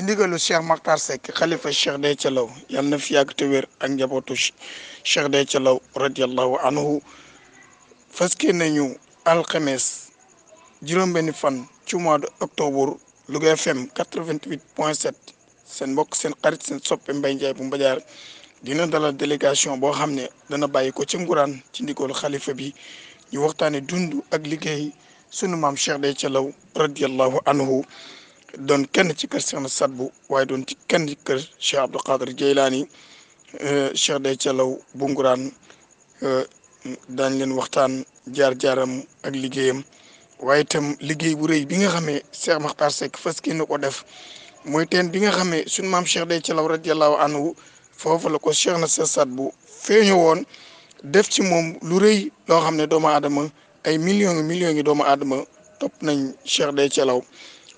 ci ndigalu Cheikh Makhtar Seck xalifa Cheikh Déthié Law yal na fi yàgg te wér ak njabootu Cheikh Déthié Law radiyallahu anhu faske nañu alxames juróom-benni fan ci mois de octobre Louga FM 88 point 7 seen mbokk seen xarit seen soppe Mbaye Ndiaye bu Mbadiar dina dalal délégation boo xam ne dana bàyyi ko ci nguraan ci ndigalu xalifa bi ñu waxtaane dund ak liggéey sunu maam Cheikh Déthié Law radiyallahu anhu doon kenn ci kër Cheikh na Sadbu waaye doon ci kenn ci kër Cheikh Abdou Qadir Jeylaani Cheikh Dey Calaw bu Nguraan eh, daañ leen waxtaan jaar-jaaram ak liggéeyam waaye itam liggéey bu rëy bi nga xamee Cheikh Makhtar Seck fas kii na ko def mooy teen bi nga xamee suñ maam Cheikh Dey Calaw radiyallahu anhu foofu la ko Cheikh na Cheikh Sadbu feeñu woon def ci moom lu rëy loo xam ne doomu aadama ay million million yi doomu aadama topp nañ Cheikh Dey Calaw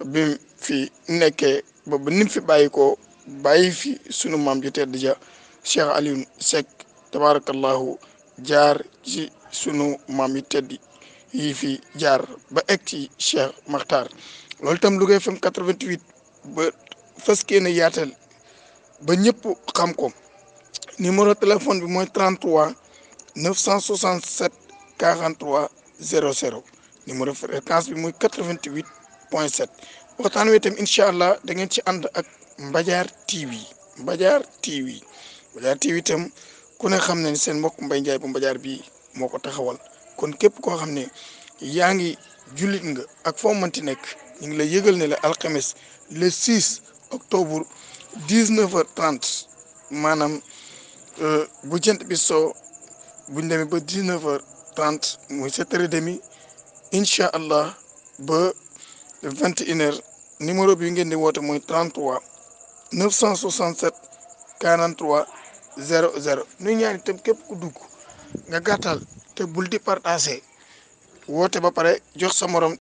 bi fi nekkee ba ba nim fi bàyyi ko bàyyi fi sunu maam ju tedd ja Cheikh Alioune Seck tabarakallahu jaar ci sunu maam yu tedd yi fi jaar ba egg ci Cheikh Makhtar loolu itam Louga FM 88 ba fas ne na ba ñëpp xam ko numéro téléphone bi mooy 33 967 43 00 numéro fréquence bi mooy 88. point 7 waxtaan wi itam incha allah da ngeen ci ànd ak Mbadiar TV Mbadiar TV Mbadiar TV itam ku xam ne seen mbokk Mbaye Ndiaye Mbadiar bii moo ko taxawal kon képp koo xam ne yaa ngi jullit nga ak foo mënti nekk ñu ngi la yëgal ne la alxames le 6 octobre 19h30 maanaam euh, bu jënt bi soo buñ demee ba 19h30 muy 7h30 allah ba. vingt et une heures numéro bi ngeen di woote mooy 33 967 43 00 nuy ñaan itam képp ku dugg nga gàttal te bul di partagé woote ba pare jox sa morom.